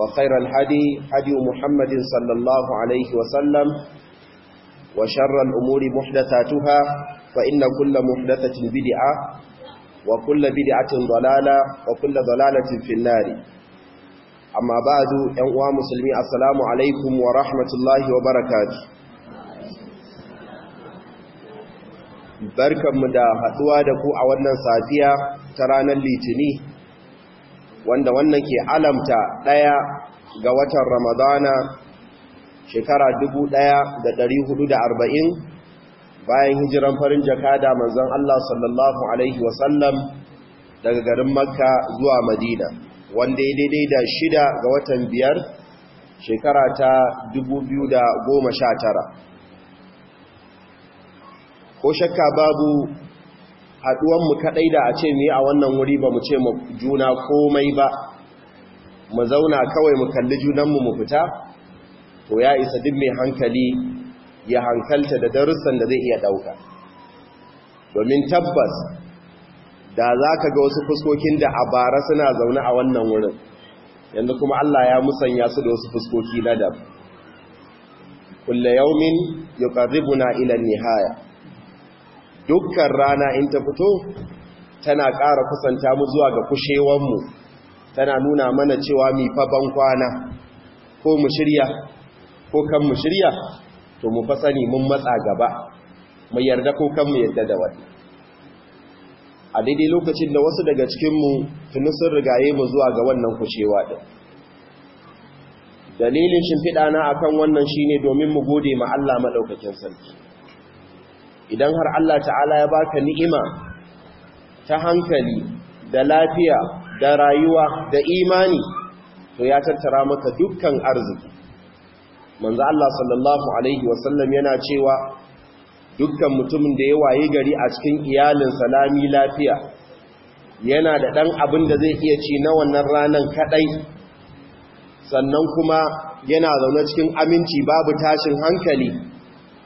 وخير الهدي هدي محمد صلى الله عليه وسلم وشر الأمور محدثاتها فإن كل محدثة بدعة وكل بدعة ضلالة وكل ضلالة في النار أما بعد أنواع مسلمين السلام عليكم ورحمة الله وبركاته barkanmu da haɗuwa da ku a wannan safiya ta ranar litini wanda wannan ke alamta ɗaya ga watan ramadana shekara 1440 bayan hijiran farin jakada manzon Allah sallallahu alaihi wasallam daga garin makka zuwa madina wanda ya daidai da shida ga watan biyar shekara ta 2019 ko shakka babu haduwan mu kadai da a ce mu yi a wannan wuri ba mu ce mu juna komai ba mu zauna kawai mu kalli junanmu mu fita to ya isa duk mai hankali ya hankalta da darussan da zai iya ɗauka. domin tabbas da za ka ga wasu fuskokin da a bara suna zaune a wannan wurin yanzu kuma Allah ya musanya su da wasu fuskoki na dab kulle yaumin yuqarribuna ila nihaya dukkan rana in ta fito tana ƙara kusanta mu zuwa ga kushewanmu tana nuna mana cewa mi faɓan kwana ko mu shirya ko kan mu shirya to mu fa sani mun matsa gaba mu yarda ko kan mu yarda da wani a daidai lokacin da wasu daga cikinmu tuni sun rigaye mu zuwa ga wannan kushewa ɗin. dalilin shimfiɗa na akan wannan shine domin mu gode ma Allah madaukakin sarki idan har Allah ta'ala ya baka ni'ima ta hankali da lafiya da rayuwa da imani to ya tattara maka dukkan arziki manzo Allah sallallahu alaihi wasallam yana cewa dukkan mutumin da ya waye gari a cikin iyalin salami lafiya yana da dan abin da zai iya ci na wannan ranan kadai sannan kuma yana zaune cikin aminci babu tashin hankali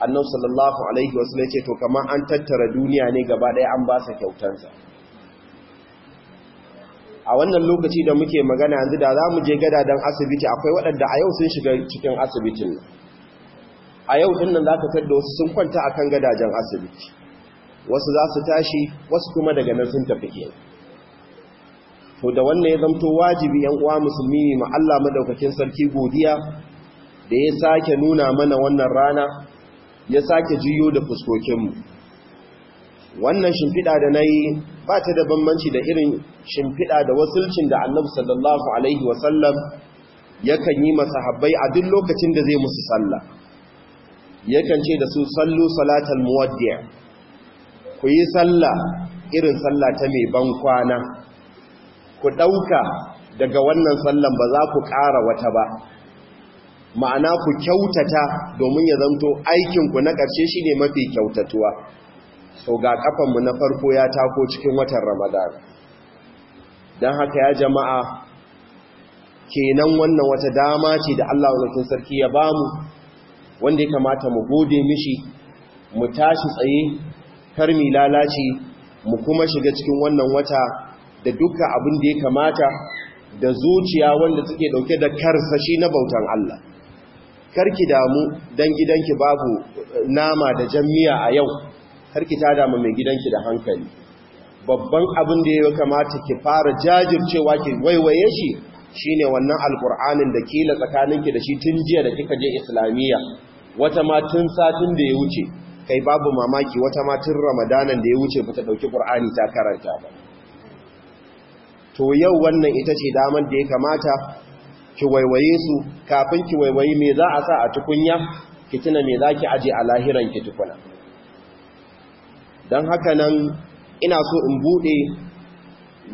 annabi sallallahu alaihi wasallam yace to kamar an tattara duniya ne gaba ɗaya an ba sa kyautansa a wannan lokaci da muke magana yanzu da za mu je gada don asibiti akwai waɗanda a yau sun shiga cikin asibitin a yau ɗin nan za ka wasu sun kwanta a kan gadajen asibiti wasu za su tashi wasu kuma daga nan sun tafi ke to da wannan ya zamto wajibi yan uwa musulmi ne ma Allah madaukakin sarki godiya da ya sake nuna mana wannan rana ya sake jiyo da fuskokinmu wannan shimfiɗa da na yi ba ta da bambanci da irin shimfiɗa da wasulcin da annabu sallallahu alaihi wasallam yakan yi masa masahabbai a duk lokacin da zai musu sallah yakan ce da su sallu salatal muwaddiya. ku yi sallah irin sallah ta mai ban kwana ku ɗauka daga wannan sallan ba za ku ƙara wata ba ma'ana ku kyautata domin ya zanto aikinku na ƙarshe shi ne mafi kyautatuwa so ga ƙafanmu na farko ya tako cikin watan ramadan don haka ya jama'a kenan wannan wata dama ce da allah wadakin sarki ya bamu wanda ya kamata mu gode mishi mu tashi tsaye kar karmi lalaci mu kuma shiga cikin wannan wata da duka abin da ya kamata da zuciya wanda suke dauke da karsashi na bautan Allah karki damu dan gidanki babu eh, nama da jammiya a yau karki ta damu mai gidanki da hankali babban abin da ya kamata ki fara jajircewa ki waiwaye shi shine wannan alkur'anin da kila tsakaninki da shi tun jiya da kika je islamiyya wata ma tun satin da ya wuce kai babu mamaki wata ma tun ramadanan da ya wuce ba ta dauki qur'ani ta karanta ba to yau wannan ita ce damar da ya kamata ki waiwaye su kafin ki waiwaye me za a sa a tukunya ki tuna me za ki aje a lahiran ki tukuna don haka nan ina so in buɗe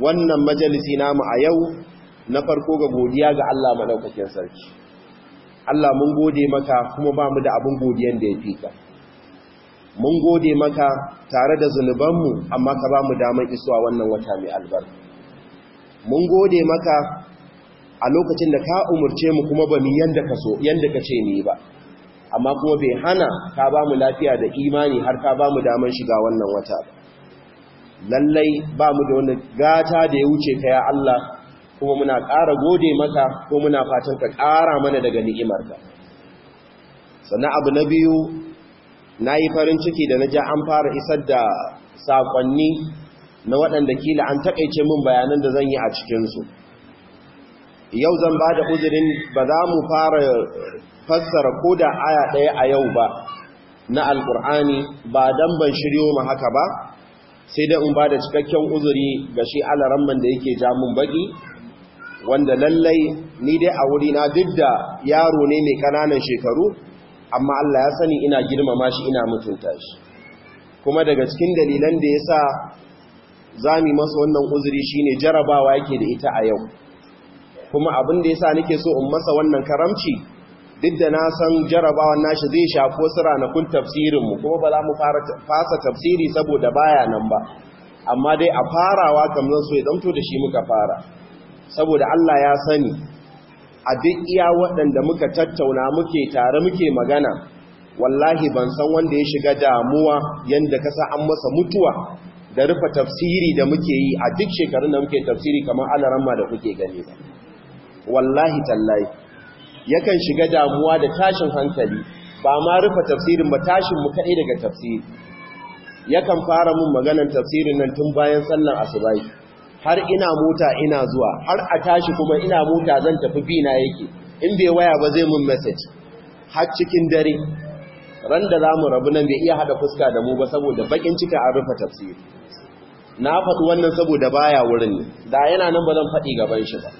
wannan majalisi namu a yau na farko ga godiya ga Allah maɗaukakin sarki Allah mun gode maka kuma ba mu da abin godiyan da ya fi ka mun gode maka tare da zunubanmu amma ka ba mu damar isuwa wannan wata mai albarka mun gode maka a lokacin da ka umarce mu kuma ba mu yanda ka so yanda ka ce ni ba amma kuma bai hana ka ba mu lafiya da imani har ka ba mu damar shiga wannan wata lallai ba mu da wani gata da ya wuce ka ya Allah kuma muna ƙara gode maka ko muna fatan ka ƙara mana daga ni'imarka sana abu na biyu na yi farin ciki da na ja an fara isar da saƙonni na waɗanda kila an taƙaice min bayanan da zan yi a cikinsu yau zan ba da uzurin ba za mu fara fassara ko da aya ɗaya a yau ba na alƙur'ani ba don ban shiryo ma haka ba sai dai in ba da cikakken uzuri ga shi alaramman da yake jamun baƙi wanda lallai ni dai a wuri na duk da yaro ne mai ƙananan shekaru amma Allah ya sani ina girmama shi ina mutunta shi kuma daga cikin dalilan da ya sa za mu masa wannan uzuri shine jarabawa yake da ita a yau kuma abin da ya sa nake so in masa wannan karamci duk da na san na shi zai shafo su ranakun tafsirinmu mu kuma ba za mu fasa tafsiri saboda baya nan ba amma dai a farawa kamar so ya zamto da shi muka fara saboda Allah ya sani a duk iya waɗanda muka tattauna muke tare muke magana wallahi ban san wanda ya shiga damuwa yadda ka sa an masa mutuwa da rufe tafsiri da muke yi a duk shekarun da muke tafsiri kamar alaramma da kuke gani ba wallahi tallahi yakan shiga damuwa da tashin hankali ba ma rufe tafsirin ba tashin mu kaɗai daga tafsiri yakan fara mun maganar tafsirin nan tun bayan sallan asubai har ina mota ina zuwa har a tashi kuma ina mota zan tafi bi na yake in bai waya ba zai mun message har cikin dare ran da za rabu nan bai iya haɗa fuska da mu ba saboda bakin cika an rufe tafsiri na faɗi wannan saboda baya wurin ne da yana nan ba zan faɗi gaban shi ba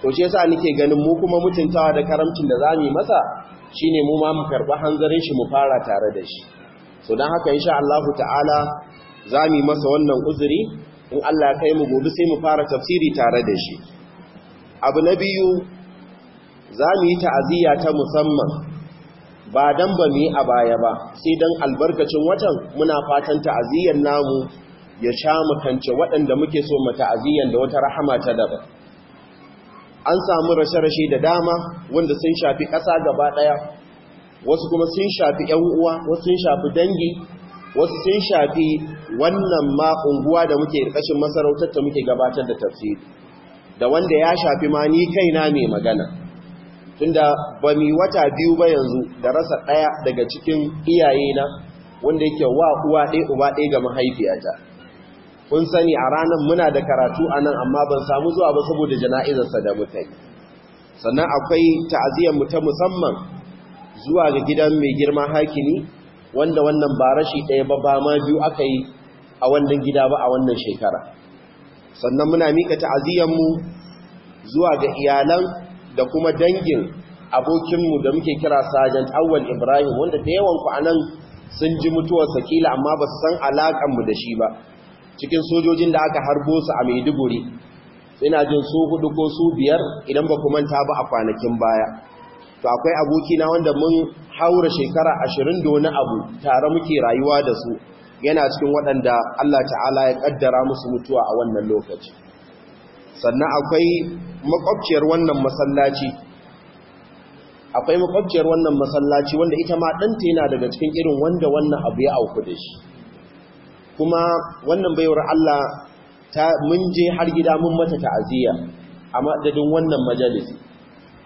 to ce yasa nake ganin mu kuma mutuntawa da karamcin da zamu yi masa shine mu ma mu karba hanzarin shi mu fara tare da shi so dan haka sha Allah ta'ala zamu yi masa wannan uzuri in Allah ya kai mu gobe sai mu fara tafsiri tare da shi abu na biyu zamu yi ta'aziyya ta musamman ba dan ba mu yi a baya ba sai dan albarkacin watan muna fatan ta'aziyyar namu ya sha makance waɗanda muke so mu ta'aziyyar da wata rahama ta daban an samu rashe-rashe da dama wanda sun shafi ƙasa gaba ɗaya wasu kuma sun shafi ‘yan uwa wasu sun shafi dangi wasu sun shafi wannan ma unguwa da muke ƙashin masarautar da muke gabatar da tafsiri da wanda ya shafi ma ni kaina mai magana tunda ba mi wata biyu ba yanzu da rasa ɗaya daga cikin iyayena wanda yake wa uwa ɗaya uba ɗaya ga mahaifiyata kun sani a ranar muna da karatu a nan amma ban samu zuwa ba saboda sa da mutai sannan akwai ta'aziyar mu ta musamman zuwa ga gidan mai girma hakimi wanda wannan ba rashi ɗaya ba ba ma biyu aka yi a wannan gida ba a wannan shekara sannan muna mika ta'aziyar mu zuwa ga iyalan da kuma dangin abokinmu da muke kira Sajent Awwal Ibrahim wanda da yawan ku nan sun ji mutuwar sakila amma ba su san alaƙarmu da shi ba cikin sojojin da aka harbo su a maiduguri ina jin su hudu ko su biyar idan ba manta ba a kwanakin baya to akwai abokina wanda mun haura shekara ashirin da wani abu tare muke rayuwa da su yana cikin waɗanda Allah ta'ala ya ƙaddara musu mutuwa a wannan lokaci sannan akwai makwabciyar wannan masallaci akwai makwabciyar wannan masallaci wanda ita ma ɗanta yana daga cikin irin wanda wannan abu ya auku da shi kuma wannan baiwar Allah ta mun je har gida mun mata ta'aziyya a madadin wannan majalisi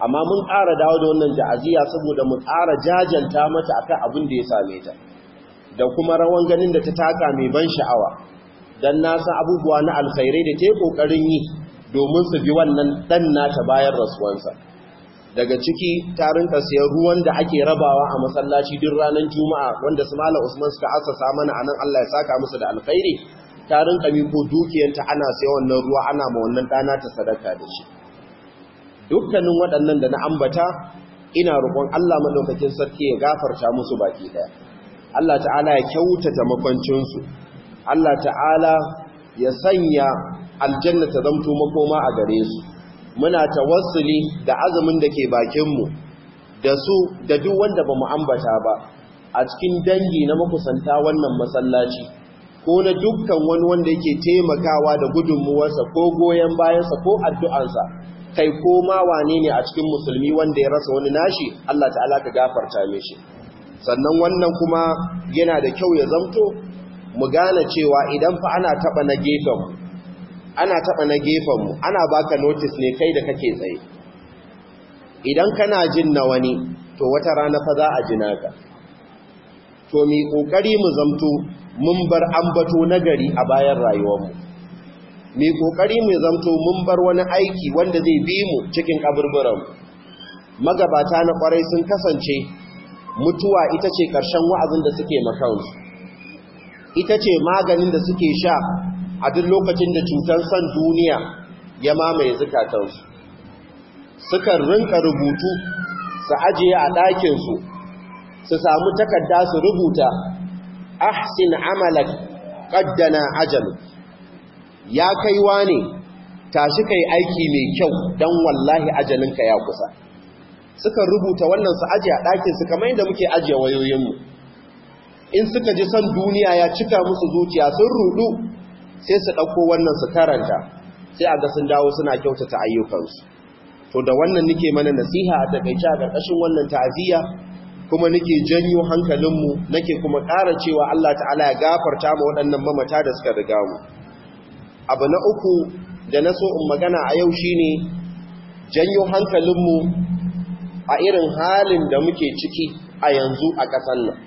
amma mun ƙara dawo da wannan ta'aziyya saboda mu ƙara jajanta mata akan abin da ya same ta da kuma rawan ganin da ta taka mai ban sha'awa dan san abubuwa na alkhairai da ta yi kokarin yi domin su bi wannan dan nata bayan rasuwansa daga ciki ta rinka siyan ruwan da ake rabawa a masallaci duk ranar juma'a wanda su mala usman suka asasa mana a nan allah ya saka musu da alkhairi ta rinka miko dukiyanta ana sai wannan ruwa ana ma wannan ɗana ta sadaka da shi dukkanin waɗannan da na ambata ina roƙon allah maɗaukakin sarki ya gafarta musu baki ɗaya allah ta'ala ya kyautata makwancinsu allah ta'ala ya sanya aljanna ta zamto makoma a gare su muna ta tawassuli da azumin da ke bakinmu da su da duk wanda ba mu ambata ba a cikin dangi na makusanta wannan masallaci ko na dukkan wani wanda yake taimakawa da gudunmuwarsa ko goyon bayansa ko addu'ansa kai ko ma wane ne a cikin musulmi wanda ya rasa wani nashi Allah ta'ala ka gafarta mishi sannan wannan kuma yana da kyau ya zamto mu gane cewa idan fa ana taba na gefen ana taɓa na gefen mu, ana baka notis ne kai da kake tsaye idan kana jin na wani to wata rana fa za a ji naka to mi kokari mu zamto mun bar ambato nagari a bayan rayuwar rayuwarmu mi ƙoƙari mu zamto mun bar wani aiki wanda zai bi mu cikin kaburburan magabata na ƙwarai sun kasance mutuwa ita ce karshen wa'azin da suke makansu ita ce maganin da suke sha a duk lokacin da cutar san duniya ya mamaye zukatansu sukan rinka rubutu su ajiye a ɗakinsu su samu takarda su rubuta ahsin amalak ƙaddana ajalu ya kaiwa ne tashi kai aiki mai kyau don wallahi ajalinka ya kusa sukan rubuta wannan su ajiye a ɗakinsu kamar yadda muke ajiye wayoyinmu in suka ji son duniya ya cika musu zuciya sun rudu sai su ɗauko wannan su karanta sai a ga sun dawo suna kyautata ayyukansu to da wannan nike mana nasiha a takaice a ƙarƙashin wannan ta'aziyya kuma nike janyo hankalinmu nake kuma ƙara cewa Allah ta'ala ya gafarta ma waɗannan mamata da suka riga mu abu na uku da na so in magana a yau shine janyo hankalinmu a irin halin da muke ciki a yanzu a ƙasar nan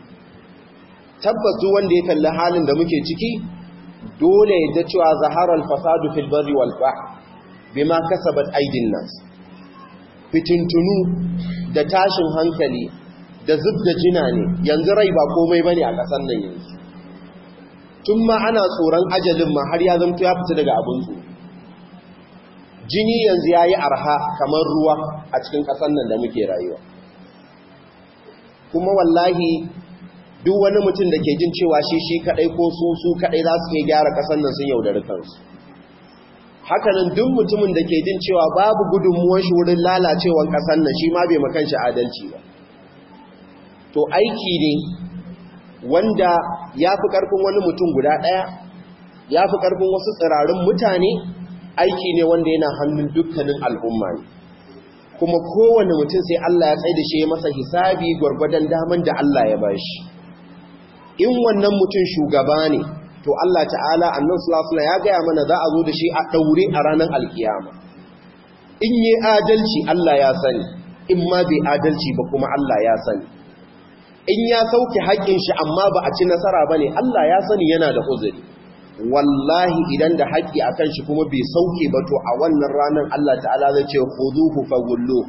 tabbatu wanda ya kalli halin da muke ciki dole da cewa zaharar fasadu filbari walba bi ma bima aidin nas fitintunu da tashin hankali da zubda jina ne yanzu rai ba komai bane a ƙasar nan yanzu tun ma ana tsoron ajalin ma har ya zanto ya fita daga abun su. jini yanzu yayi arha kamar ruwa a cikin kasan nan da muke rayuwa kuma wallahi duk wani mutum da ke jin cewa shi shi kadai ko su su kadai za su iya gyara kasan nan sun yaudari kansu hakanan duk mutumin da ke jin cewa babu gudunmuwan shi wurin lalacewan kasan nan shi ma bai makan shi adalci ba to aiki ne wanda ya fi karfin wani mutum guda daya ya fi karfin wasu tsirarin mutane aiki ne wanda yana hannun dukkanin al'umma ne kuma kowane mutum sai Allah ya tsaye da shi masa hisabi gwargwadon daman da Allah ya bashi shi in wannan mutum shugaba ne to Allah ta'ala annan sulasula ya gaya mana za a zo da shi a ɗaure a ranar alkiyama in yi adalci Allah ya sani in ma bai adalci ba kuma Allah ya sani in ya sauke haƙƙin shi amma ba a ci nasara ba ne Allah ya sani yana da uzuri wallahi idan da haƙƙi a kan shi kuma bai sauke ba to a wannan ranar Allah ta'ala zai ce khuduhu gullu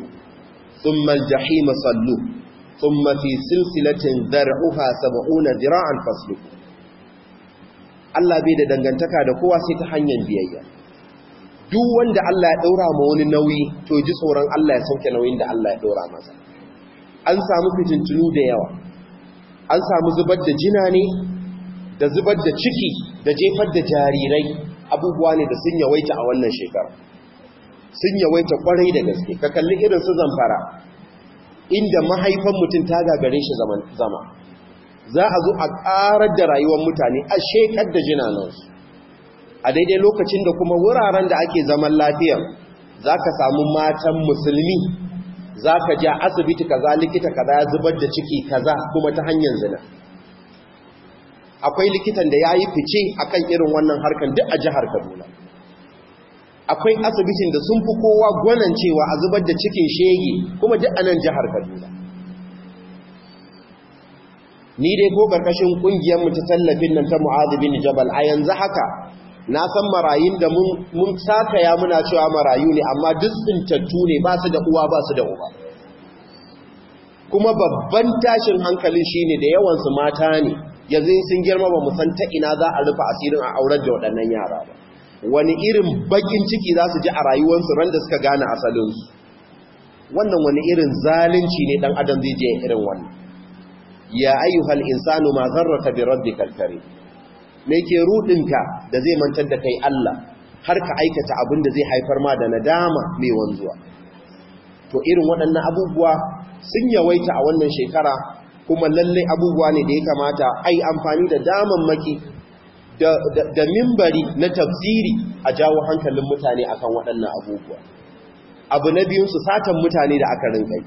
thumma al-jahima sallu thumma fi silsilatin zar'uha 70 zira'an fasluku Allah bai da dangantaka da kowa sai ta hanyar biyayya duk wanda Allah ya daura ma wani nauyi to ji tsoron Allah ya sauke nauyin da Allah ya daura masa an samu fitintunu da yawa an samu zubar da jina ne da zubar da ciki da jefar da jarirai abubuwa ne da sun yawaita a wannan shekara sun yawaita kwarai da gaske ka kalli irin su zamfara inda mahaifan mutum ta gagare shi zama za a zo a ƙarar da rayuwar mutane a shekar da jinanansu a daidai lokacin da kuma wuraren da ake zaman lafiya za ka samu matan musulmi za ka ja asibiti kaza likita kaza ya zubar da ciki kaza kuma ta hanyar zina akwai likitan da ya yi fice a kan irin wannan harkar duk a jihar kaduna akwai asibitin da sun fi kowa gwanan cewa a zubar da cikin shege kuma duk nan jihar kaduna ni dai ko karkashin kungiyar mu ta tallafin nan ta mu'adibin jabal a yanzu haka na san marayun da mun sakaya muna cewa marayu ne amma duk tsintattu ne ba su da uwa ba su da uba kuma babban tashin hankalin shine da yawansu mata ne yanzu sun girma ba mu san ta ina za a rufe asirin a aurar da waɗannan yara ba wani irin bakin ciki za su ji a rayuwarsu ran da suka gane asalinsu wannan wani irin zalunci ne dan adam zai je irin wannan ya ayyuhal insanu ma zarraka bi rabbikal karim me ke rudinka da zai mantar da kai Allah har ka aikata abin da zai haifar ma da nadama mai wanzuwa to irin waɗannan abubuwa sun yawaita a wannan shekara kuma lallai abubuwa ne da ya kamata ai amfani da daman maki da mimbari na tafsiri a jawo hankalin mutane akan waɗannan abubuwa abu na biyunsu satan mutane da aka rinkai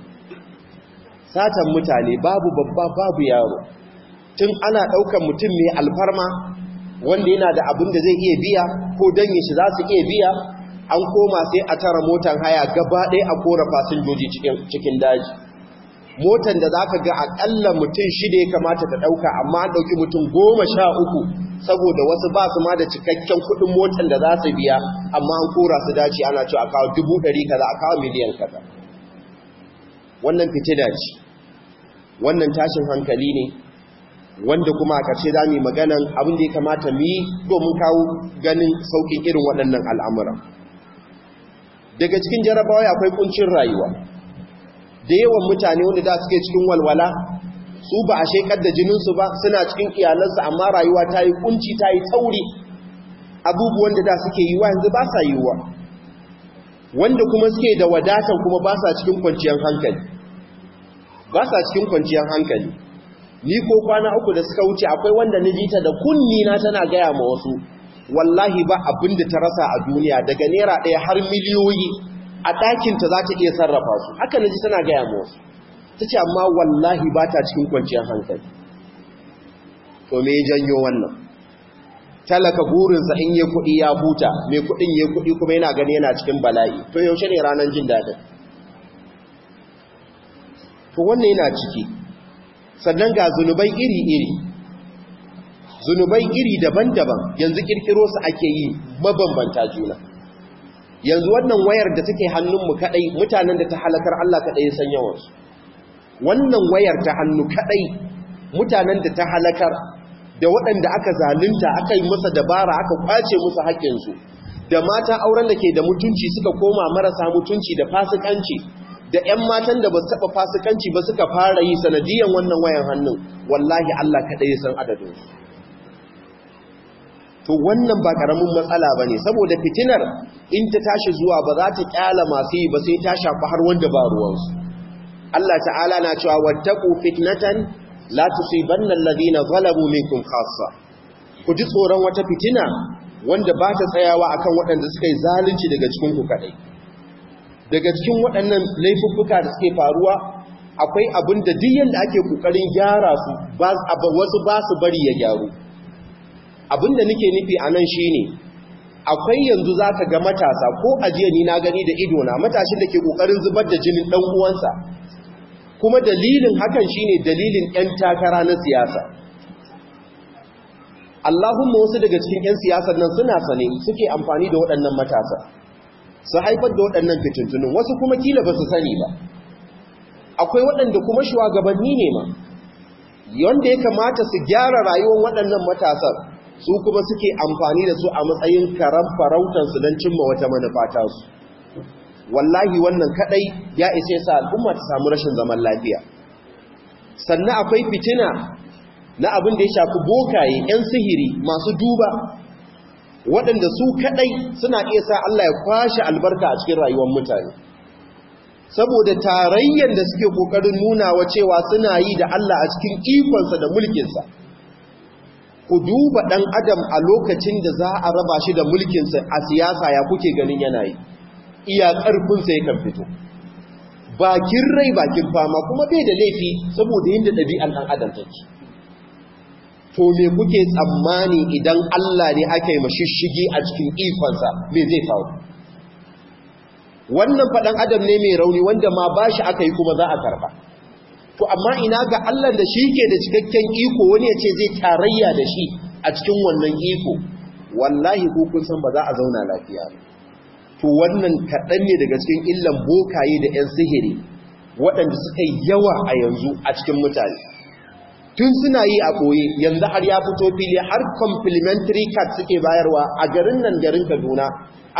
satan mutane babu babba babu yaro tun ana ɗaukar mutum mai alfarma wanda yana da abin da zai iya biya ko yi shi za su iya biya an koma sai a tara motan haya gaba ɗaya a kora fasinjoji cikin daji motan da za ka ga akalla mutum shida ya kamata ta ɗauka amma an ɗauki mutum goma sha uku saboda wasu ba su ma da cikakken kuɗin motan da za su biya amma an kora su dace ana cewa a kawo dubu ɗari kaza a kawo miliyan kaza wannan fitina ce wannan tashin hankali ne wanda kuma a ƙarshe za mu yi maganan abin da ya kamata mu yi domin kawo ganin sauƙin irin waɗannan al'amuran daga cikin jarabawa akwai kuncin rayuwa da yawan mutane wanda da suke cikin walwala su ba a shekar da jinin su ba suna cikin iyalansu amma rayuwa ta yi kunci ta yi tauri abubuwan da da suke yiwa yanzu ba sa yiwa wanda kuma suke da wadatan kuma ba sa cikin kwanciyar hankali ba sa cikin kwanciyar hankali ni ko kwana uku da suka wuce akwai wanda na jita da kunni na tana gaya ma wasu wallahi ba abin da ta rasa a duniya daga naira ɗaya har miliyoyi a ɗakinta za ta iya sarrafa su haka na ji tana gaya mu wasu ta ce amma wallahi ba ta cikin kwanciyar hankali to me janyo wannan talaka burinsa in yi kuɗi ya huta mai kuɗin yi kuɗi kuma yana gani yana cikin bala'i to yaushe ne ranar jin daɗin to wannan yana ciki sannan ga zunubai iri-iri zunubai iri daban-daban yanzu ƙirƙiro su ake yi mabambanta juna yanzu wannan wayar da take hannunmu kadai mutanen da ta halakar Allah kadai ya san yawansu wannan wayar ta hannu kadai mutanen da ta halakar da waɗanda aka zalunta aka yi masa dabara aka kwace musu haƙƙinsu da mata auren da ke da mutunci suka koma marasa mutunci da fasikanci da ƴan matan da ba su taɓa fasikanci ba suka fara yi sanadiyan wannan wayan hannun wallahi Allah kaɗai ya san adadinsu to wannan ba karamin matsala ba ne saboda fitinar in ta tashi zuwa ba za ta kyala masu yi ba sai ta shafi har wanda ba ruwansu Allah ta'ala na cewa wattaku fitnatan la bannan alladhina zalamu minkum khassa ku ji tsoron wata fitina wanda ba ta tsayawa akan waɗanda suka yi zalunci daga cikin ku kadai daga cikin waɗannan laifuffuka da suke faruwa akwai abin da duk yanda ake kokarin gyara su wasu ba su bari ya gyaru abinda nake nufi a nan shine akwai yanzu za ka ga matasa ko ajiye ni na gani da idona matashin da ke ƙoƙarin zubar da jinin ɗan uwansa kuma dalilin hakan shine dalilin 'yan takara na siyasa Allahumma wasu daga cikin 'yan siyasar nan suna sane suke amfani da waɗannan matasa su haifar da waɗannan fitintunin wasu kuma kila ba su sani ba akwai waɗanda kuma shugabanni ne ma yadda ya kamata su gyara rayuwar waɗannan matasan su kuma suke amfani da su a matsayin karan farautansu don cimma wata manufata su wallahi wannan kadai ya isa sa al'umma ta samu rashin zaman lafiya sannan akwai fitina na abin da ya shafi bokaye 'yan sihiri masu duba waɗanda su kadai suna iya sa Allah ya kwashe albarka a cikin rayuwar mutane saboda tarayyar da suke kokarin wa cewa suna yi da Allah a cikin ikonsa da mulkinsa ku duba ɗan adam a lokacin da za a raba shi da mulkinsa a siyasa ya kuke ganin yanayi iya ƙarfinsa yakan fito bakin rai bakin fama kuma bai da laifi saboda yin da ɗabi'an ɗan adam take to me kuke tsammani idan Allah ne aka yi mashishigi a cikin ikonsa me zai faru wannan faɗan adam ne mai rauni wanda ma ba shi aka yi kuma za a karɓa to amma ina ga Allah da shi ke da cikakken iko wani ya ce zai tarayya da shi a cikin wannan iko wallahi ko kun san ba za a zauna lafiya to wannan kaɗan ne daga cikin illan bokaye da 'yan sihiri waɗanda suka yi yawa a yanzu a cikin mutane tun suna yi a ɓoye yanzu har ya fito fili har complimentary card suke bayarwa a garin nan garin kaduna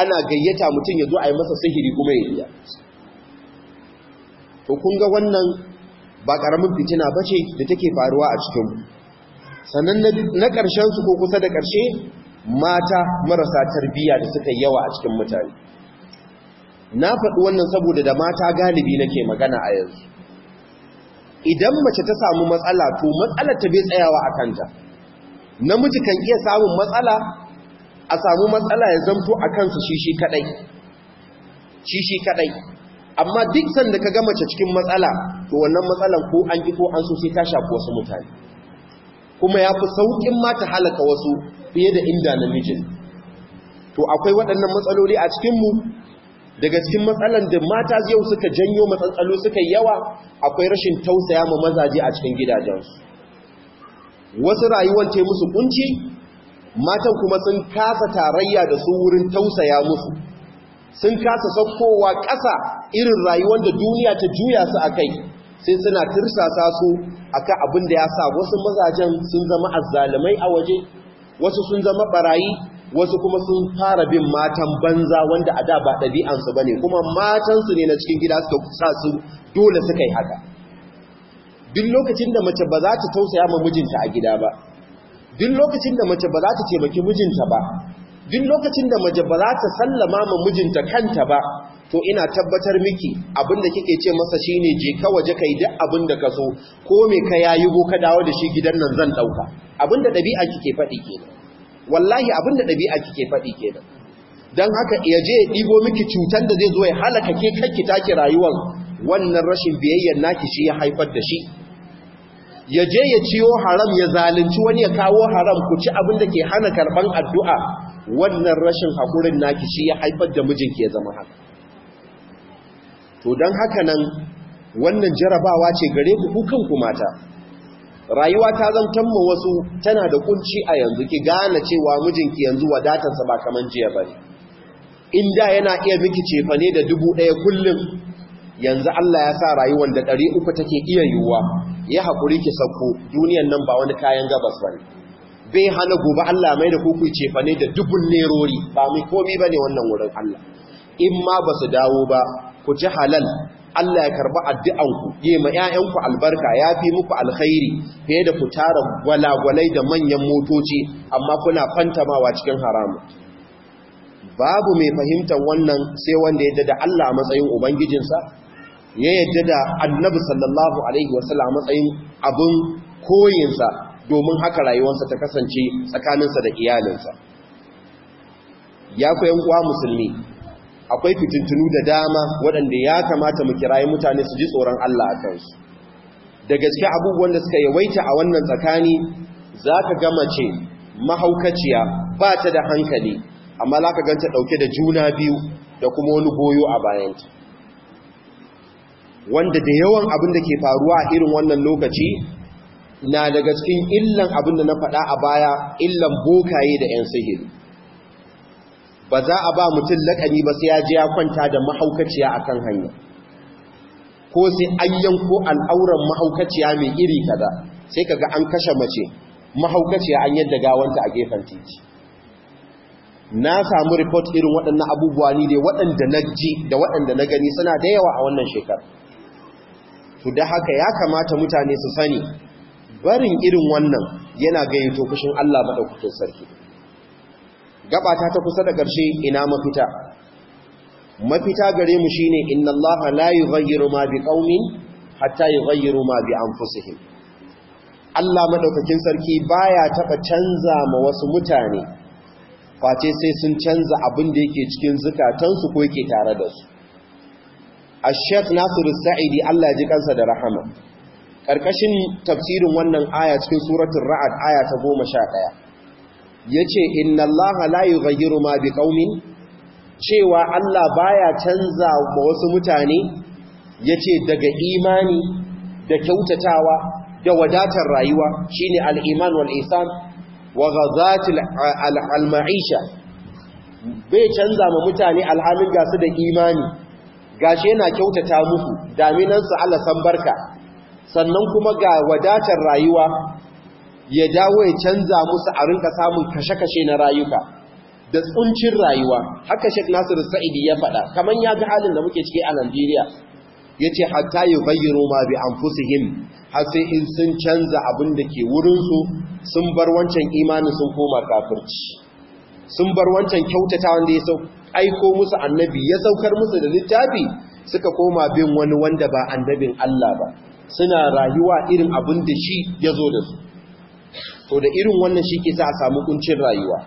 ana gayyata mutum ya zo a yi masa sihiri kuma ya biya to kun ga wannan ba ƙaramin fitina ba ce da take faruwa a cikin sannan na ƙarshen su ko kusa da ƙarshe mata marasa tarbiyya da suka yawa a cikin mutane na faɗi wannan saboda da mata galibi nake magana a yanzu idan mace ta samu matsala to matsalar ta bai tsayawa a kanta namiji kan iya samun matsala a samu matsala ya zamto a kansu shi shi kadai amma duk sanda ka ga mace cikin matsala to wannan matsalan ko an ki ko an so sai ta shafi wasu mutane kuma ya fi saukin ma ta halaka wasu fiye da inda namijin to akwai waɗannan matsaloli a cikinmu daga cikin matsalan da mata yau suka janyo matsatsalo suka yawa akwai rashin tausaya ma mazaje a cikin gidajensu wasu rayuwar yi musu kunci matan kuma sun kasa tarayya da su wurin tausaya musu sun kasa saukowa ƙasa irin rayuwar da duniya ta juya su a kai sai suna tursasa su ka abin da ya sa wasu mazajen sun zama azzalumai a waje wasu sun zama barayi wasu kuma sun fara bin matan banza wanda a da ba ɗabi'ansu ba ne kuma matansu ne na cikin gida suka sa su dole suka yi haka duk lokacin da mace ba za ta tausaya ma mijinta a gida ba duk lokacin da mace ba za ta taimaki mijinta ba duk lokacin da mace ba za ta sallama ma mijinta kanta ba to ina tabbatar miki abinda kike ce masa shine je ka waje kai duk abinda ka so ko me ka yayi go ka dawo da shi gidan nan zan dauka abinda dabi'a kike fadi kenan wallahi abinda dabi'a kike fadi kenan dan haka ya je ya dibo miki cutar da zai zo ya halaka ke kake take rayuwar wannan rashin biyayyar naki shi ya haifar da shi ya je ya ciwo haram ya zalunci wani ya kawo haram ku ci abin da ke hana karban addu'a wannan rashin haƙurin naki shi ya haifar da mijinki ya zama haka to don haka nan wannan jarabawa ce gare ku kanku mata rayuwa ta ma wasu tana da kunci a yanzu ki gane cewa mijinki yanzu wadatarsa ba kamar jiya ba ne in da yana iya miki cefane da dubu ɗaya kullum yanzu Allah ya sa rayuwar da ɗari uku take iya yiwuwa ya haƙuri ki sauko duniyan nan ba wani kayan gabas ba ne bai hana gobe Allah mai da kuku cefa ne da dubun nerori ba mai komi ba ne wannan wurin Allah in ma ba su dawo ba ku ji halal Allah ya karba addu'anku ya ma ‘ya'yanku albarka ya fi muku alkhairi fiye da ku tara gwalagwalai da manyan motoci amma kuna fantamawa cikin haramu babu mai fahimtar wannan sai wanda ya da Allah a matsayin ubangijinsa ya yadda da annabi sallallahu alaihi wasallam matsayin abin koyinsa domin haka rayuwarsa ta kasance tsakaninsa da iyalinsa ya koyan uwa musulmi akwai fitintunu da dama waɗanda ya kamata mu kirayi mutane su ji tsoron Allah a kansu da gaske abubuwan da suka yawaita a wannan tsakani za ka gama ce mahaukaciya ba ta da hankali amma za ka ganta ɗauke da juna biyu da kuma wani goyo a bayanta wanda da yawan abin da ke faruwa a irin wannan lokaci na daga cikin illan abin da na faɗa a baya illan bokaye da 'yan sihiri ba za a ba mutum laƙani ba sai ya je ya kwanta da mahaukaciya a kan hanya ko sai an yanko al'auran mahaukaciya mai iri kaza sai kaga an kashe mace mahaukaciya an yadda gawanta a gefen titi na samu report irin waɗannan abubuwa ne da waɗanda na ji da waɗanda na gani suna da yawa a wannan shekarar to da haka ya kamata mutane su sani barin irin wannan yana gayyato kushin Allah madaukakin sarki gabata ta kusa da ƙarshe ina mafita mafita gare mu shine inna Allah la yughayyiru ma biqaumin hatta yughayyiru ma bi anfusihim Allah madaukakin sarki baya taɓa canza ma wasu mutane face sai sun canza abin da yake cikin zukatansu ko yake tare da su Ashek Nasiru Sa'idi Allah ya ji kansa da rahama ƙarƙashin tafsirin wannan aya cikin suratul Ra'ad aya ta 11 yace inna Allah la yughayyiru ma biqaumin cewa Allah baya canza wasu mutane yace daga imani da kyautatawa da wadatar rayuwa shine al-iman wal ihsan wa ghazatil al-ma'isha bai canza ma mutane alhalin gasu da imani gashi yana kyautata muku daminan Allah san barka sannan kuma ga wadatar rayuwa ya dawo ya canza musu a rinka samun kashe-kashe na rayuka da tsuncin rayuwa haka Sheikh Nasir Sa'idi ya faɗa kaman ya ga halin da muke ciki a Najeriya yace hatta yubayyiru ma bi anfusihim har sai in sun canza abin da ke wurin su sun bar wancan imanin sun koma kafirci sun bar wancan kyautata wanda ya aiko musu annabi ya saukar musu da littafi suka koma bin wani wanda ba annabin Allah ba suna rayuwa irin abin da shi ya zo da su to da irin wannan shi ke sa a samu kuncin rayuwa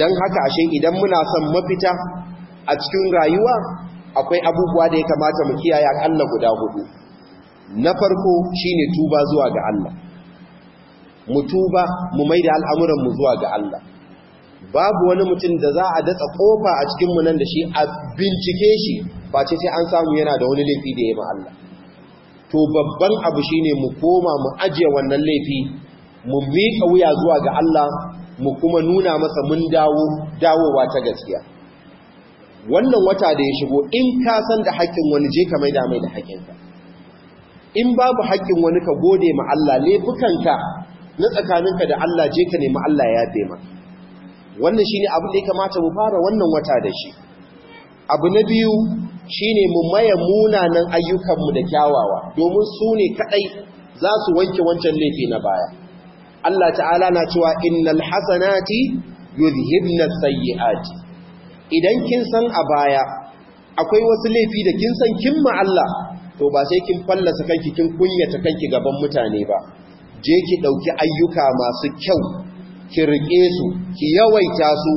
don haka ashe idan muna son mafita a cikin rayuwa akwai abubuwa da ya kamata mu kiyaye allah guda hudu na farko shine tuba zuwa ga Allah mu tuba mu maida al'amuran mu zuwa ga Allah babu wani mutum da za a datsa kofa a cikin munan nan da shi a bincike shi ba ce sai an samu yana da wani laifi da ya ma Allah to babban abu shi ne mu koma mu ajiye wannan laifi mu miƙa wuya zuwa ga Allah mu kuma nuna masa mun dawo dawowa ta gaskiya wannan wata da ya shigo in ka san da haƙƙin wani je ka mai da mai da haƙƙinka in babu haƙƙin wani ka gode ma Allah laifukanka na tsakaninka da Allah je ka nemi Allah ya yafe wannan shi ne abin da ya kamata mu fara wannan wata da shi abu na biyu shi ne mu maye munanan ayyukanmu da kyawawa domin su ne kaɗai za su wanke wancan laifi na baya Allah ta'ala na cewa innal hasanati yuzhibna sayyi'ati idan kin san a baya akwai wasu laifi da kin san kin ma Allah to ba sai kin fallasa kanki kin kunyata kanki gaban mutane ba je ki ɗauki ayyuka masu kyau ki rike su ki yawaita su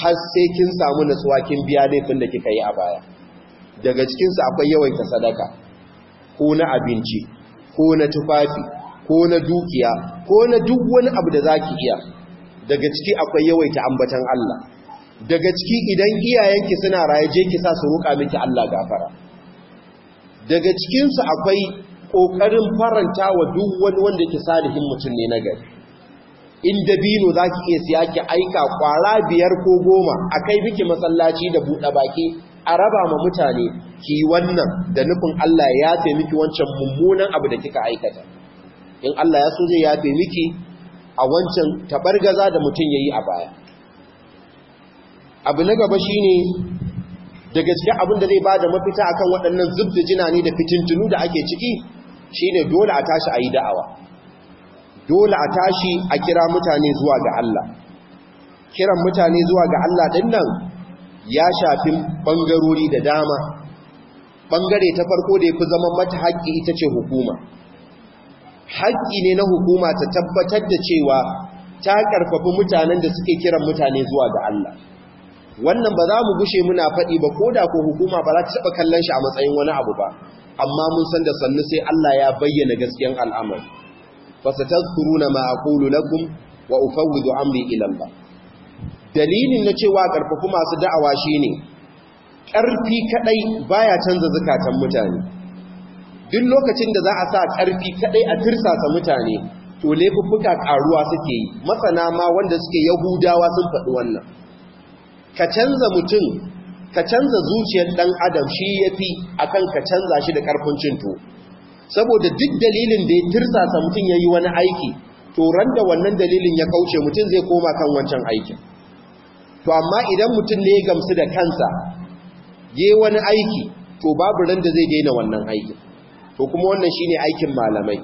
har sai kin samu nutsuwa kin biya laifin da kika yi a baya daga cikin su akwai yawaita sadaka ko na abinci ko na tufafi ko na dukiya ko na duk wani abu da zaki iya daga ciki akwai yawaita ambatan Allah daga ciki idan iyayenki suna raye je ki sa su roƙa miki Allah gafara daga cikin su akwai kokarin faranta wa duk wani wanda ke salihin mutum ne na gari in dabino za ki iya siya ki aika kwara biyar ko goma a kai biki masallaci da buɗe baki a raba ma mutane ki wannan da nufin Allah ya yafe miki wancan mummunan abu da kika aikata in Allah ya so zai yafe miki a wancan tabargaza da mutum ya yi a baya abu na gaba shi ne da gaske abin da zai da mafita akan waɗannan zubda ne da fitintunu da ake ciki shi ne dole a tashi a yi da'awa dole a tashi a kira mutane zuwa ga Allah kiran mutane zuwa ga Allah dinnan ya shafi bangarori da dama bangare ta farko da yafi zaman mata haƙƙi ita ce hukuma haƙƙi ne na hukuma ta tabbatar da cewa ta karfafi mutanen da suke kiran mutane zuwa ga Allah wannan ba za mu gushe muna faɗi ba ko da ko hukuma ba za ta taɓa kallon shi a matsayin wani abu ba amma mun san da sannu sai Allah ya bayyana gaskiyan al'amari fasatazkuruna ma aqulu lakum wa ufawwidu amri ila Allah dalilin na cewa karfafu masu da'awa shine karfi kadai baya canza zakatan mutane duk lokacin da za a sa karfi kadai a tirsasa mutane to laifuffuka karuwa suke yi masana ma wanda suke yahudawa sun faɗi wannan ka canza mutum ka canza zuciyar dan adam shi yafi akan ka canza shi da karfin cinto saboda duk dalilin da ya tirsasa mutum ya yi wani aiki to da wannan dalilin ya kauce mutum zai koma kan wancan aikin to amma idan mutum ne ya gamsu da kansa ya yi wani aiki to babu randa zai daina wannan aikin to kuma wannan shi ne aikin malamai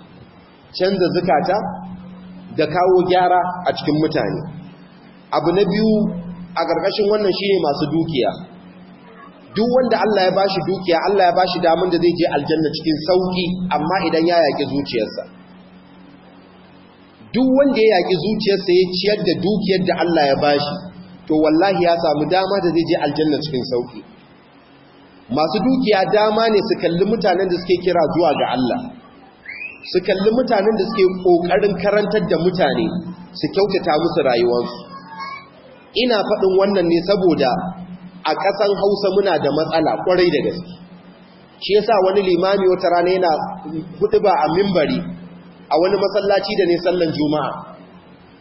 canza zukata da kawo gyara a cikin mutane abu na biyu a ƙarƙashin wannan shi ne masu dukiya duk wanda Allah ya bashi dukiya Allah ya bashi damun da zai je aljanna cikin sauki amma idan ya yaki zuciyarsa duk wanda ya yaki zuciyarsa ya ciyar da dukiyar da Allah ya bashi to wallahi ya samu dama da zai je aljanna cikin sauki masu dukiya dama ne su kalli mutanen da suke kira zuwa ga Allah su kalli mutanen da suke kokarin karantar da mutane su kyautata musu rayuwarsu ina faɗin wannan ne saboda a ƙasan hausa muna da matsala ƙwarai da gaske shi yasa wani limami wata rana yana hudu ba a mimbari a wani masallaci da ne sallan juma'a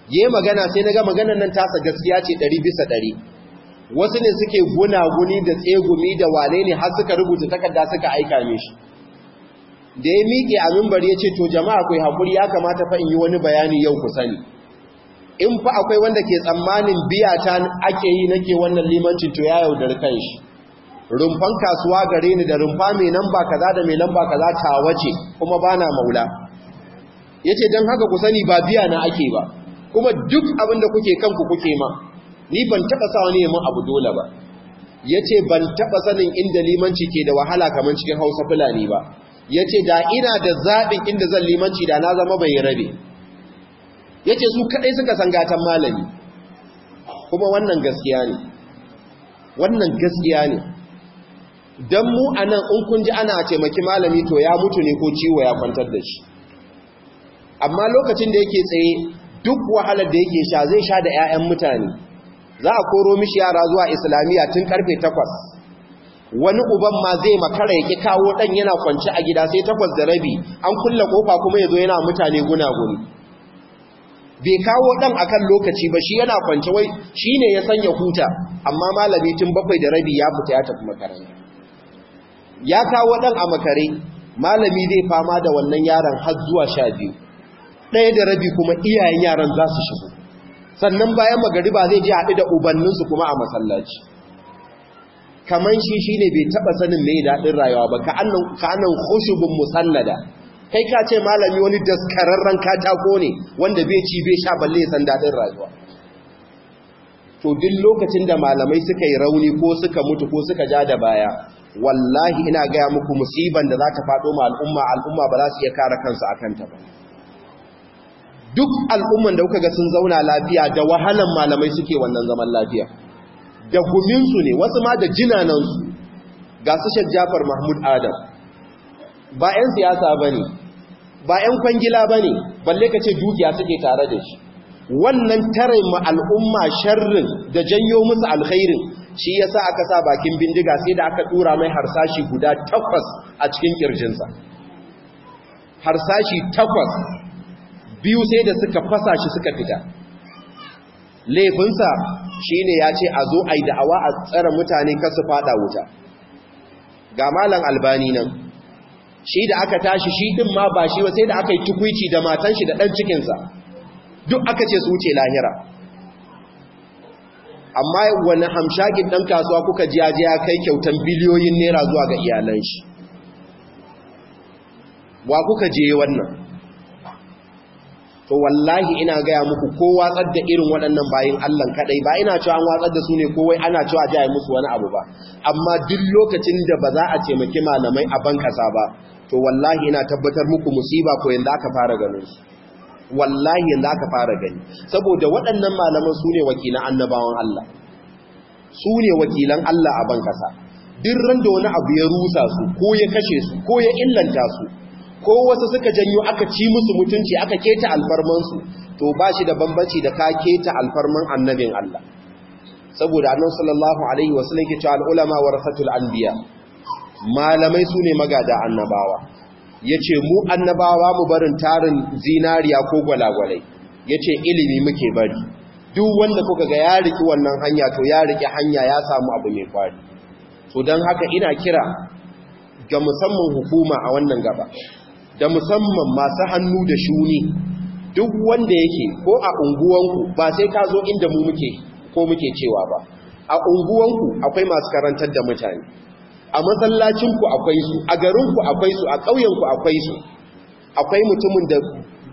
ya yi magana sai na ga maganan nan tasa gaskiya ce ɗari bisa ɗari wasu ne suke guna guni da tsegumi da wane ne har suka rubuta takarda suka aika mishi da ya miƙe a mimbari ya ce to jama'a kai hakuri ya kamata fa in yi wani bayani yau ku sani in fa akwai wanda ke tsammanin biya ta ake yi nake wannan limancin to ya yaudar kan shi rumfan kasuwa gare ni da rumfa mai nan ba kaza da mai nan ba kaza ta wace kuma bana maula yace dan haka ku sani ba biya na ake ba kuma duk abin da kuke kanku kuke ma ni ban taba sa wani yamin abu dole ba yace ban taba sanin inda limanci ke da wahala kaman cikin Hausa Fulani ba yace da ina da zaɓin inda zan limanci da na zama bai rabe Ya ce su kadai suka san malami kuma wannan gaskiya ne wannan gaskiya ne dan mu anan in kun ji ana taimaki malami to ya mutu ne ko ciwo ya kwantar da shi amma lokacin da yake tsaye duk wahalar da yake sha zai sha da 'ya'yan mutane za a koro mishi yara zuwa islamiyya tun karfe takwas. wani uban ma zai makara ya yake kawo dan yana kwance a gida sai takwas da rabi an kulle kofa kuma ya zo yana mutane guna guni bai kawo dan akan lokaci ba shi yana kwance wai shine ya sanya huta amma malami tun bakwai da rabi ya fita ya tafi makaranta ya kawo dan a makare malami zai fama da wannan yaron har zuwa sha biyu. ɗaya da rabi kuma iyayen yaran za su shigo sannan bayan magariba zai je haɗu da ubanninsu kuma a masallaci kaman shi shine bai taɓa sanin mai daɗin rayuwa ba ka annan khushubun musallada kai ka ce malami wani daskararren katako ne wanda bai ci bai sha balle san dadin rayuwa to duk lokacin da malamai suka yi rauni ko suka mutu ko suka ja da baya wallahi ina gaya muku musiban da za ta faɗo ma al'umma al'umma ba za su iya kare kansu a kanta ba duk al'umman da kuka ga sun zauna lafiya da wahalan malamai suke wannan zaman lafiya da guminsu ne wasu ma da jinanansu ga su shek jafar mahmud adam ba 'yan siyasa ba ne ba 'yan kwangila ba ne balle ka ce dukiya suke tare da shi wannan tare ma al'umma sharrin da janyo musu alkhairin shi ya sa aka sa bakin bindiga sai da aka tura mai harsashi guda takwas a cikin kirjinsa harsashi takwas biyu sai da suka fasa shi suka fita laifinsa shi ne ya ce a zo a yi da'awa a tsara mutane kasu fada wuta ga malam albani nan shi da aka tashi shi din ma ba shi ba sai da aka yi tukwici da matan shi da ɗan cikinsa duk aka ce su wuce lahira amma wani hamshakin ɗan kasuwa kuka jiyajiya kai kyautan biliyoyin naira zuwa ga iyalan shi wa kuka je wannan to wallahi ina gaya muku ko watsar da irin waɗannan bayin Allah kaɗai. ba ina cewa an watsar da su ne ko wai ana cewa jaye musu wani abu ba amma duk lokacin da ba za a taimaki malamai a ban ƙasa ba to wallahi ina tabbatar muku musiba ko yanda aka fara ganin su wallahi yanda aka fara gani saboda waɗannan malaman su ne wakilan annabawan Allah su ne wakilan Allah a ban kasa duk ran da wani abu ya rusa su ko ya kashe su ko ya illanta su ko wasu suka janyo aka ci musu mutunci aka keta alfarmansu to ba shi da bambanci da ka keta alfarman annabin Allah saboda annabi sallallahu alaihi wasallam ke cewa al-ulama warasatul anbiya malamai su ne magada annabawa ya ce mu annabawa mu barin tarin zinariya ko gwalagwalai ya ce ilimi muke bari duk wanda kuka ga ya riki wannan hanya to ya riki hanya ya samu abu mai kwari so don haka ina kira ga musamman hukuma a wannan gaba da musamman masu hannu da shuni duk wanda yake ko a unguwanku ba sai ka zo inda mu muke ko muke cewa ba a unguwanku akwai masu karantar da mutane a masallacinku akwai su a garinku akwai su a ƙauyenku akwai su akwai mutumin da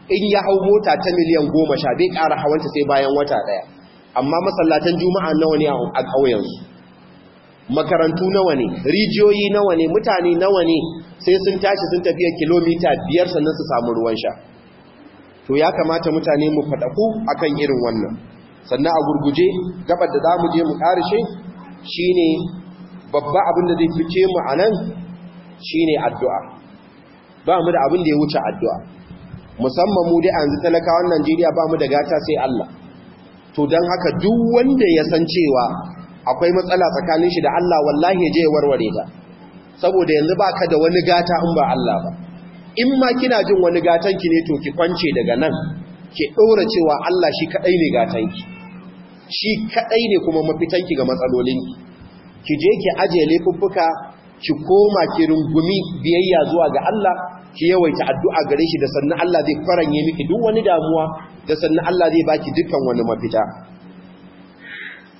in ya hau mota ta miliyan goma sha bai ƙara hawanta sai bayan wata ɗaya amma masallatan juma'a nawa ne a ƙauyensu makarantu nawa ne rijiyoyi nawa ne mutane nawa ne sai sun tashi sun tafiya kilomita biyar sannan su samu ruwan sha to ya kamata mutane mu faɗaku akan irin wannan sannan a gurguje gabar da za mu je mu ƙarishe shine babba abin da zai fice mu a nan shi ne addu'a ba mu da abin da ya wuce addu'a musamman mu dai an zai talakawan najeriya ba mu da gata sai allah to don haka duk wanda ya san cewa akwai matsala tsakanin shi da allah wallahi ya je ya warware ta saboda yanzu ba ka da wani gata in ba allah ba in ma kina jin wani gatanki ne to ki kwance daga nan ke ɗora cewa allah shi kaɗai ne gatanki shi kaɗai ne kuma mafitanki ga matsalolinki ki je ki aje laifuffuka ki koma ki rungumi biyayya zuwa ga Allah ki yawaita addu'a gare shi da sannan Allah zai faranye miki duk wani damuwa da sannan Allah zai baki dukkan wani mafita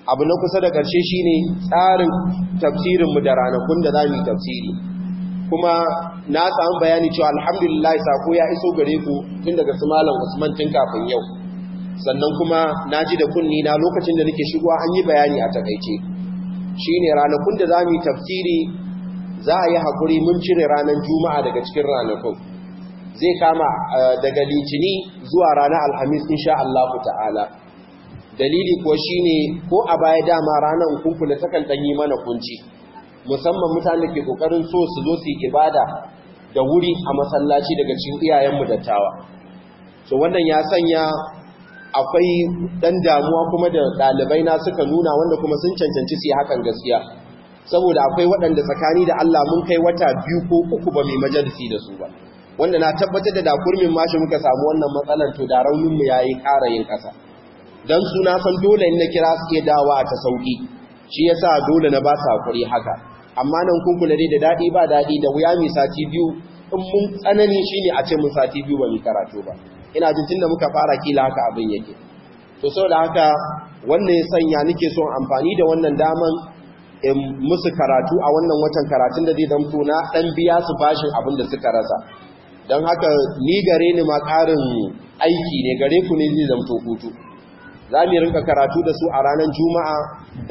abu na kusa da ƙarshe shine tsarin tafsirin mu da ranakun da zamu tafsiri kuma na samu bayani cewa alhamdulillah sako ya iso gare ku tun daga su malam Usman tun kafin yau sannan kuma na ji da kunni na lokacin da nake shigowa an yi bayani a takaice shine ranakun da zamu yi tafsiri za a yi hakuri mun cire ranar juma'a daga cikin ranakun zai kama eh, daga litini zuwa ranar alhamis in sha Allah ta'ala dalili ko shine ko a baya dama ranar kunkula takan yi mana kunci musamman mutane ke kokarin so su zo su yi ibada da wuri a masallaci daga cikin iyayenmu dattawa so wannan ya sanya akwai ɗan damuwa kuma da ɗalibai na suka nuna wanda kuma sun cancanci su hakan gaskiya saboda akwai waɗanda tsakani da Allah mun kai wata biyu ko uku ba mai majalisi da su ba wanda na tabbatar da dakurmin mashi muka samu wannan matsalar to da raunin mu yayi ƙara yin ƙasa dan su na san dole in na kira su ke dawa ta sauki shi yasa dole na ba su hakuri haka amma nan kun kula da daɗi ba daɗi da wuya mai sati biyu in mun tsanani shine a ce mun sati biyu ba mu karatu ba ina jin tunda muka fara kila haka abin yake to sau da haka wannan ya sanya nike son amfani da wannan daman in musu karatu a wannan watan karatun da zai zamto na ɗan biya su bashin abin da suka rasa don haka ni gare ni ma ƙarin aiki ne gare ku ne zai zamto hutu za mu rinka karatu da su a ranar juma'a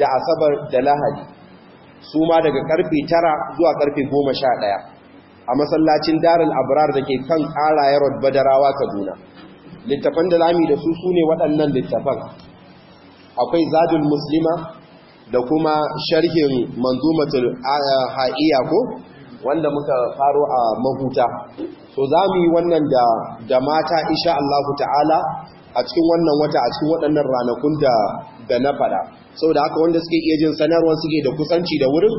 da asabar da lahadi su ma daga karfe tara zuwa karfe goma sha ɗaya a masallacin darul abrar da ke kan ƙara yarod badarawa kaduna littafan da zami da su su ne waɗannan littafan akwai zadul muslima da kuma sharhin manzumatul ah, ha'iya ko wanda muka faro a mahuta so mu yi wannan da mata insha Allah ta'ala a cikin wannan wata a cikin waɗannan ranakun da da na fada Sau da haka wanda suke iya jin sanarwar suke da kusanci da wurin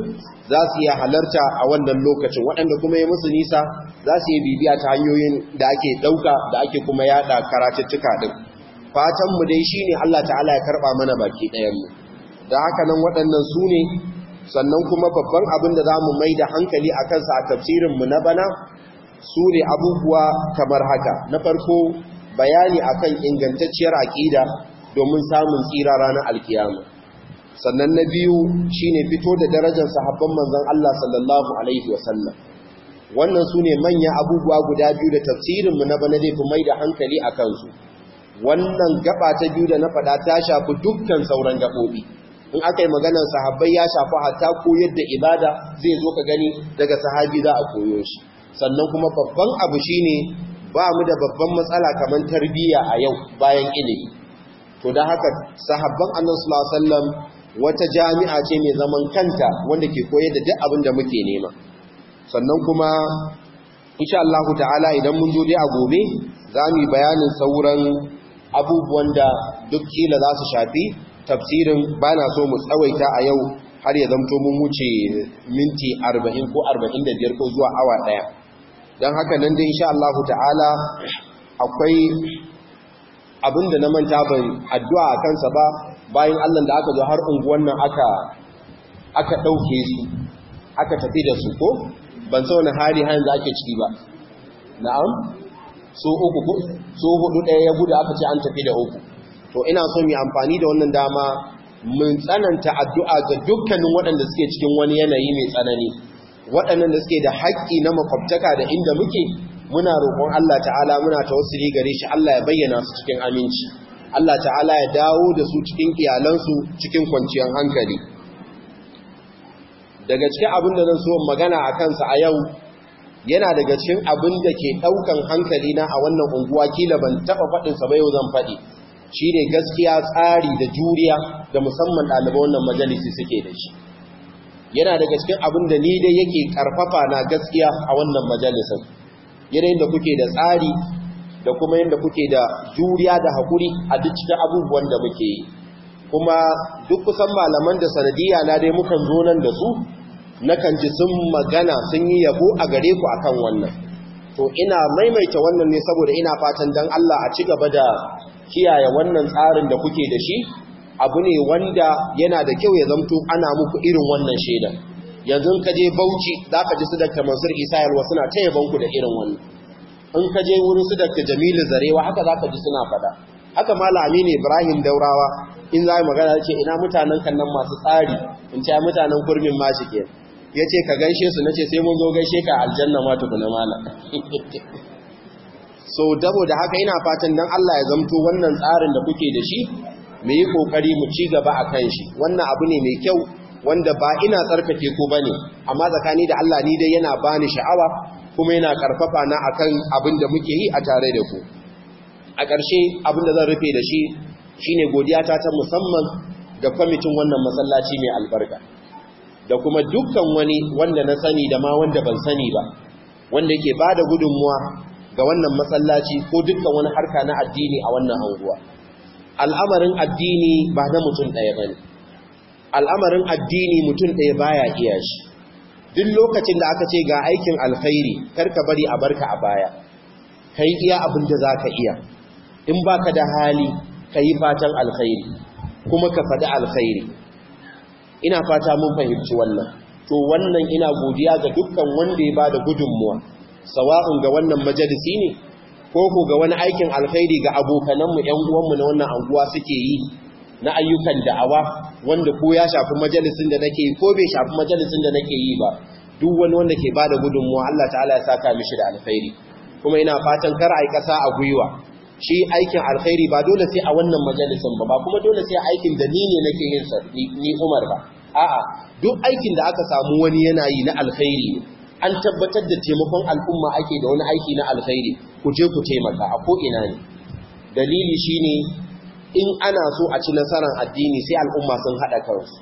za su iya halarta a wannan lokacin waɗanda kuma ya musu nisa za su iya bibiya ta hanyoyin da ake ɗauka da ake kuma yaɗa karatattuka ɗin fatanmu dai shi ne Allah ta'ala ya karɓa mana baki ɗayanmu da haka nan waɗannan su ne sannan kuma babban abin da za mu mai da hankali a kansa a tafsirinmu na bana su ne abubuwa kamar haka na farko bayani akan ingantacciyar aƙida domin samun tsira ranar alkiyama sannan na biyu shine fito da darajar sahabban manzan Allah sallallahu alaihi wasallam wannan sune manyan abubuwa guda biyu da tafsirinmu na bana zai fi mai da hankali a kansu wannan gaba ta biyu da na faɗa ta shafi dukkan sauran gaɓoɓi in aka yi maganar sahabbai ya shafi hatta koyar da ibada zai zo ka gani daga sahabi za a koyo shi sannan kuma babban abu shine ba mu da babban matsala kamar tarbiyya a yau bayan ilimi to da haka sahabban annabi sallallahu wata jami'a ce mai zaman kanta wanda ke koyar da duk abin da muke nema sannan kuma insha Allah ta'ala idan mun zo dai a gobe za mu yi bayanin sauran abubuwan da duk kila za su shafi tafsirin ba na so mu tsawaita a yau har ya zamto mun wuce minti 40 ko 45 ko zuwa awa ɗaya, don haka nan dai insha Allah ta'ala akwai abinda na manta ban addu'a a kansa ba bayan Allah da aka zo har unguwan nan aka aka dauke su aka tafi da su ko ban so hali har yanzu ake ciki ba na'am so uku ko so hudu daya ya gudu aka ce an tafi da uku to ina so mu amfani da wannan dama mun tsananta addu'a ga dukkanin waɗanda suke cikin wani yanayi mai tsanani waɗannan da suke da haƙƙi na makwabtaka da inda muke muna roƙon Allah ta'ala muna tawassuli gare shi Allah ya bayyana su cikin aminci Allah ta'ala ya dawo da su cikin iyalansu cikin kwanciyar hankali daga cikin abin da zan so magana a kansa a yau yana daga cikin abin da ke ɗaukan hankali na a wannan unguwa kila ban taɓa faɗinsa ba yau zan faɗi shi ne gaskiya tsari da juriya da musamman ɗaliban wannan majalisi suke da shi yana daga cikin abin da ni dai yake ƙarfafa na gaskiya a wannan majalisin yanayin da kuke da tsari da kuma yadda kuke da juriya da haƙuri a duk cikin abubuwan da muke yi kuma duk kusan malaman da sanadiyya na dai mukan zo nan da su nakan ji sun magana sun yi yabo a gare ku akan wannan to ina maimaita wannan ne saboda ina fatan dan Allah a ci gaba da kiyaye wannan tsarin da kuke da shi abu ne wanda yana da kyau ya zamto ana muku irin wannan shaidan yanzu ka je Bauchi zaka ji su Dr. Mansur Isa Yalwa suna ta ku da irin wannan in ka je wurin su daka Jamilu Zarewa haka za ka ji suna faɗa. haka Malami Aminu Ibrahim Daurawa in zai magana ce ina mutanen kan nan masu tsari in ce mutanen kurmin ma Ya ce ka gaishe su na ce sai mun zo gaishe ka aljanna ma tukuna malam so dabo da haka ina fatan dan Allah ya zamto wannan tsarin da kuke da shi mu yi kokari mu ci gaba a kan shi wannan abu ne mai kyau wanda ba ina tsarkake ko bane amma tsakani da Allah ni dai yana bani sha'awa kuma yana karfafa na akan abin da muke yi a tare da ku a ƙarshe abin da zan rufe da shi shine godiya ta ta musamman ga kwamitin wannan masallaci mai albarka da kuma dukkan wani wanda na sani da ma wanda ban sani ba wanda ke ba da gudunmuwa ga wannan masallaci ko dukkan wani harka na addini a wannan anguwa al'amarin addini ba na mutum ɗaya ba ne. al'amarin addini mutum ɗaya baya iya shi duk lokacin da aka ce ga aikin alkhairi karka bari a barka a baya kai iya abin da za ka iya in baka da hali kai fatan alkhairi kuma ka faɗi alkhairi ina fata mun fahimci wannan to wannan ina godiya ga dukkan wanda ya ba da gudunmuwa sawa'un ga wannan majalisi ne ko ko ga wani aikin alkhairi ga abokananmu ƴan uwanmu na wannan anguwa suke yi na ayyukan da'awa wanda ko ya shafi majalisin da nake yi ko bai shafi majalisin da nake yi ba duk wani wanda ke bada gudunmuwa Allah ta'ala ya saka mishi da alkhairi kuma ina fatan kar ai kasa a gwiwa shi aikin alkhairi ba dole sai a wannan majalisin ba ba kuma dole sai aikin da ni ne nake yin sa ni Umar ba a'a duk aikin da aka samu wani yana yi na alkhairi an tabbatar da taimakon al'umma ake da wani aiki na alkhairi ku je ku taimaka a ko ina ne dalili shine in ana so a ci nasarar addini sai al'umma sun haɗa kansu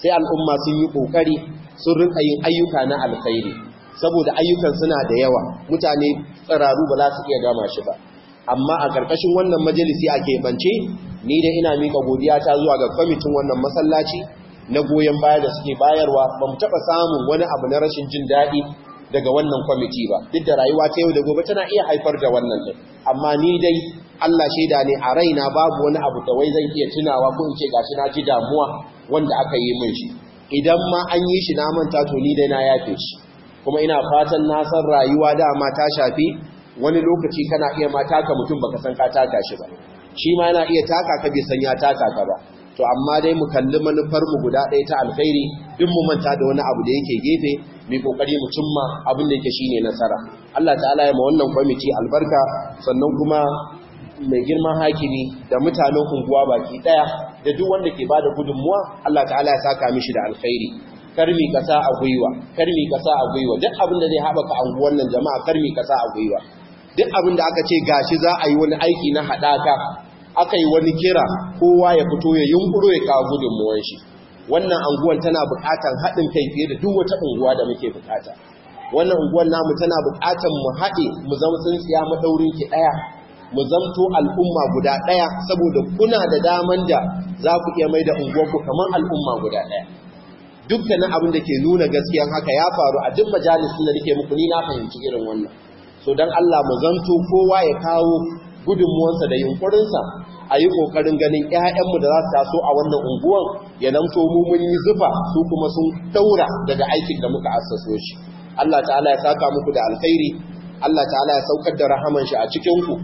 sai al'umma sun yi ƙoƙari sun rinka yin ayyuka na alkhairi saboda ayyukan suna da yawa mutane tsiraru ba za su iya gama shi ba amma a ƙarƙashin wannan majalisi a keɓance ni da ina miƙa godiya ta zuwa ga kwamitin wannan masallaci na goyon baya da suke bayarwa ba mu taɓa samun wani abu na rashin jin daɗi daga wannan kwamiti ba duk da rayuwa ta yau da gobe tana iya haifar da wannan din amma ni dai Allah shaida ne a raina babu wani abu da wai zan iya tunawa ko in ce gashi na ji damuwa wanda aka yi min shi idan ma an yi shi na manta to ni dai na yafe shi kuma ina fatan na san rayuwa da ma ta shafi wani lokaci kana iya ma taka mutum baka san ka taka shi ba shi ma yana iya taka ka bai san ya taka ka ba to amma dai mu kalli manufar mu guda ɗaya ta alkhairi in mu manta da wani abu da yake gefe mai kokari mu cimma abin da yake shine nasara Allah ta'ala ya ma wannan kwamiti albarka sannan kuma mai girman hakimi da mutanen unguwa baki daya da duk wanda ke bada gudunmuwa Allah ta'ala ya saka mishi da alkhairi karmi kasa a gwiwa karmi kasa a gwiwa duk abin da zai haɓaka anguwan nan jama'a karmi kasa a gwiwa duk abin da aka ce gashi za a yi wani aiki na haɗaka aka yi wani kira kowa ya fito ya yunkuro ya kawo gudunmuwan shi wannan anguwan tana bukatan haɗin kai fiye da duk wata unguwa da muke bukata wannan unguwan namu tana bukatan mu haɗe mu zama tsintsiya maɗaurin ki ɗaya mu zamto al'umma guda ɗaya saboda kuna da daman da za ku iya mai da unguwarku kamar al'umma guda ɗaya dukkanin abin da ke nuna gaskiyan haka ya faru a duk majalisun da nake muku ni na fahimci irin wannan so dan Allah mu zanto kowa ya kawo gudunmuwansa da yunkurinsa a yi ƙoƙarin ganin 'ya'yanmu da za su taso a wannan unguwan ya namto mu mun yi zufa su kuma sun taura daga aikin da muka asaso shi Allah ta'ala ya saka muku da alkhairi Allah ta'ala ya saukar da rahaman shi a cikinku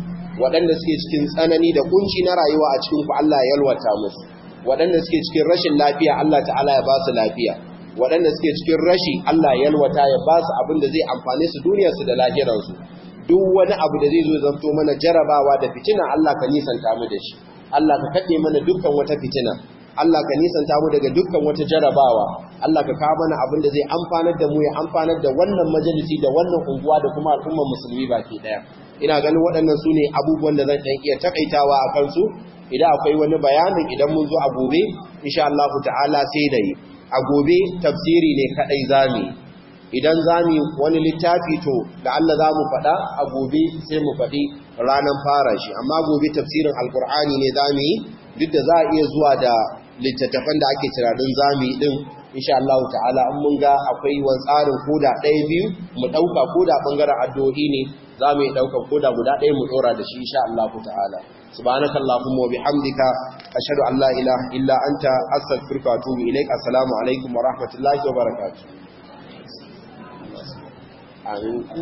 waɗanda suke cikin tsanani da kunci na rayuwa a cikinku Allah ya yalwata musu waɗanda suke cikin rashin lafiya Allah ta'ala ya ba su lafiya waɗanda suke cikin rashi Allah ya yalwata ya ba su abin da zai amfane su duniyarsu da lahirarsu duk wani abu da zai zo zanto mana jarabawa da fitina Allah ka nisanta mu da shi Allah ka kaɗe mana dukkan wata fitina Allah ka nisanta mu daga dukkan wata jarabawa Allah ka kawo mana abin da zai amfanar da mu ya amfanar da wannan majalisi da wannan unguwa da kuma al'ummar musulmi baki daya ina ganin waɗannan su ne abubuwan da zan ɗan iya takaitawa a kansu idan akwai wani bayanin idan mun zo a gobe insha Allah ta'ala sai da yi a gobe tafsiri ne kaɗai zamu yi idan za mu wani littafi to da Allah za mu faɗa a gobe sai mu faɗi ranar fara shi amma gobe tafsirin alkur'ani ne za mu yi duk da za a iya zuwa da littattafan da ake tunanin za mu yi ɗin insha Allah ta'ala in mun ga akwai wani tsarin koda ɗaya biyu mu ɗauka koda ɓangaren addu'o'i ne za mu yi ɗaukar koda guda ɗaya mu ɗora da shi insha Allah ta'ala subhanaka allahumma wa bihamdika ashhadu an la ilaha illa anta astaghfiruka wa atubu ilaik assalamu wa rahmatullahi Amin.